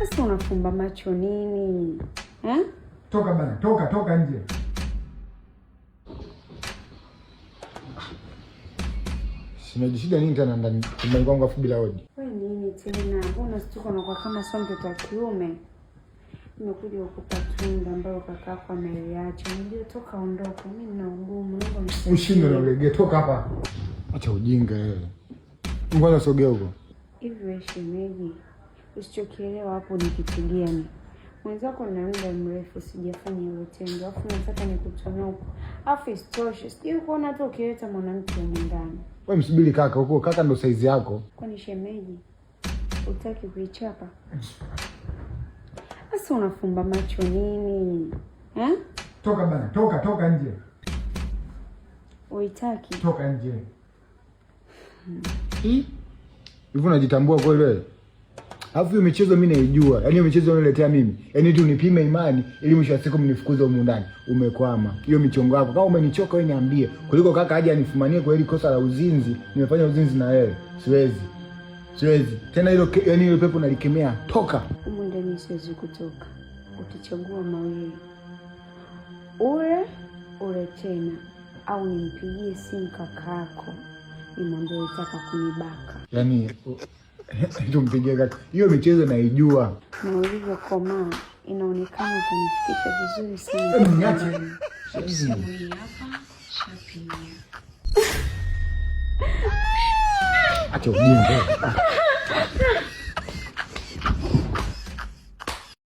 Sasa unafumba macho nini eh? Toka bana, toka toka nje. Sinajishida nini tena ndani chumbani kwangu afu bila hodi. Wewe nini tena? Mbona situko na kwa kama sio mtoto wa kiume? Nimekuja kukupa tunda ambayo kaka yako ameiacha. Unajua toka ondoka. Mimi nina ugumu. Ushinde na ulegee toka hapa. Acha ujinga wewe. Ngoja sogea huko. Hivi wewe shemeji, usichokielewa hapo ni kitu gani? Mwenzako na muda mrefu sijafanya hilo tendo, afu nataka huko, afu isitoshe sijui kuona hata ukileta mwanamke wa We msubiri kaka huko, kaka ndo saizi yako. Kwani shemeji utaki kuichapa? Sasa unafumba macho nini eh? Toka bana, toka toka nje. Uitaki? Toka nje. Hmm. Hivi hmm, unajitambua kweli wewe? Alafu hiyo michezo mimi naijua. Yaani hiyo michezo unaletea mimi. Yaani tu nipime imani ili mwisho wa siku mnifukuze huko ndani. Umekwama. Hiyo michongo yako. Kama umenichoka wewe niambie. Kuliko kaka aje anifumanie kwa ile kosa la uzinzi, nimefanya uzinzi na wewe. Siwezi. Siwezi. Tena hilo yaani hilo pepo nalikemea. Toka. Huko ndani siwezi kutoka. Utachagua mawili. Ule ule tena au nimpigie simu kakaako nimwambie utaka kunibaka. Yaani Tumpigie hiyo michezo naijua, na ulivyokomaa inaonekana kunifikisha vizuri sana. Acha ujinga.